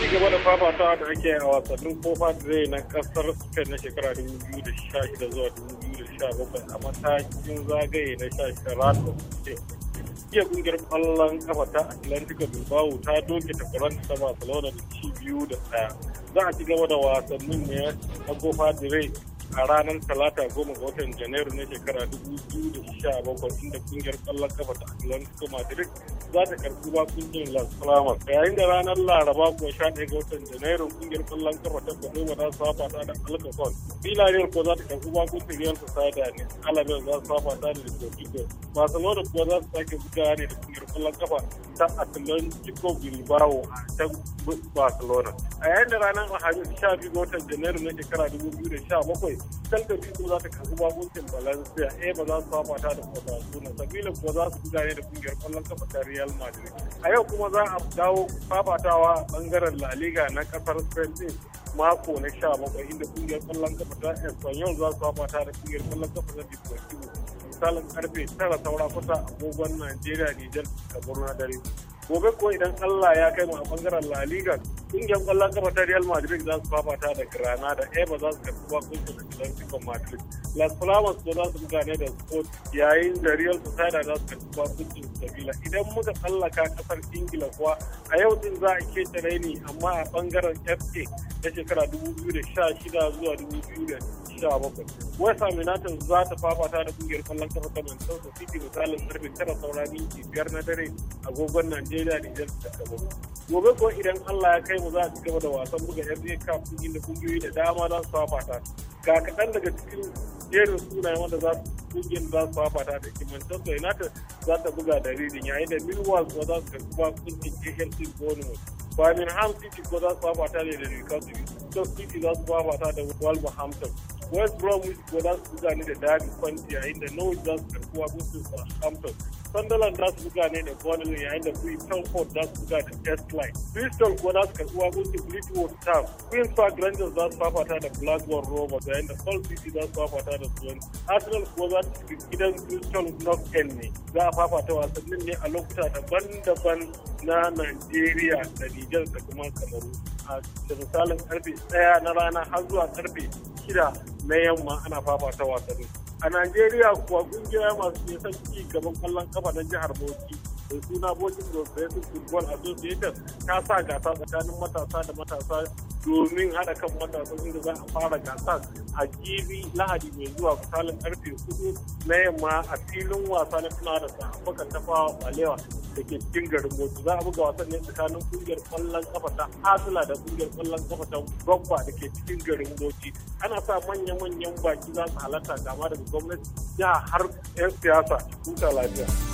ci gaba da fafatawa da ake a wasannin kofa zai na kasar suka na shekara 2016 zuwa 2017 a matakin zagaye na 16 iya kungiyar kwallon kafa ta atlantika bilbao ta doke kwallon ta barcelona da ci biyu da daya za a ci gaba da wasannin ne na kofa zai a ranar talata goma ga watan janairu na shekara 2017 inda kungiyar kwallon kafa ta atlantika madrid za ta karfi ba sun yin lasalama yayin da ranar laraba ko sha ɗaya ga watan janairu kungiyar kallon kafa ta kwano ba za su hafa ta da alkafon filayen ko za ta karfi ba bakuncin real society ne alabel za su hafa ta da masu barcelona kuwa za su sake bugawa ne da kungiyar kallon kafa ta atlantico bilbao a can barcelona a yayin da ranar alhamis sha biyu ga watan janairu na shekara dubu biyu da sha bakwai celta vigo za ta karfi ba bakuncin valencia a eh, ba za su hafa ta da kwasasuna sabila kuwa za su buga ne da kungiyar kallon kafa ta Real Madrid. A yau kuma za a dawo fafatawa bangaren La Liga na kasar Spain din mako na bakwai inda kungiyar kwallon kafa ta Espanyol za su fafata da kungiyar kwallon kafa ta Deportivo. Misalin karfe tara saura kusa agogon Najeriya Nijar da Borno dare. Gobe ko idan Allah ya kai mu a bangaren La Liga kungiyar kwallon kafa ta Real Madrid za su fafata da Granada, eva za su karɓi bakunsu da Atlantico Madrid. Las Palmas za su buga ne da Sport yayin da Real Sociedad za su karɓi bakuncin sabila idan muka tsallaka kasar ingila kuwa a yau din za a keta raini amma a bangaren fa na shekara 2016 zuwa 2017 wasa minatan za ta fafata da kungiyar kwallon kafa ta da fiti misalin karfe tara saura minti biyar na dare agogon najeriya nijar da gaba gobe kuwa idan allah ya kai mu za a cigaba da wasan buga fa cup inda kungiyoyi da dama za su fafata ga kaɗan daga cikin jerin sunayen wanda za su kungiyar za su fafata da ke manchester united za ta buga da dalilin yayin da Millwall ko za su karɓi bakuncin AFC Bournemouth. Birmingham City ko za su fafata ne da Newcastle. Stoke City za su fafata da Wolverhampton. West Bromwich ko za su buga ne da Derby kwanti yayin da Norwich za su karɓi bakuncin Southampton. Sunderland za su buga ne da Burnley yayin da kuyi Telford za su buga da Line. Bristol kuwa za su karɓi wagoncin Fleetwood Town. Queen's Park Rangers za su fafata da Blackburn Rovers yayin da Hull City za su fafata da Swansea. Arsenal kuwa za su tafi gidan Bristol North End ne. Za a fafata wasannin ne a lokuta daban-daban na nigeria da Nijar da kuma Kamaru. A da misalin karfe 1 na rana har zuwa karfe 6 na yamma ana fafata wasannin. a najeriya kuwa kungiyoyi masu nisan ci gaban kwallon kafa na jihar bauchi mai suna Bocin Progressive Football Association ta sa gasa tsakanin matasa da matasa domin hada kan matasa inda za a fara gasa a jibi lahadi mai zuwa misalin karfe hudu na yamma a filin wasa na tunawa da sa'afakan tafawa balewa da ke cikin garin za a buga wasan ne tsakanin kungiyar kwallon kafa ta da kungiyar kwallon kafa ta gwagwa da ke cikin garin Bauchi ana sa manya-manyan baki za su halarta kama daga gwamnati ya har 'yan siyasa huta lafiya.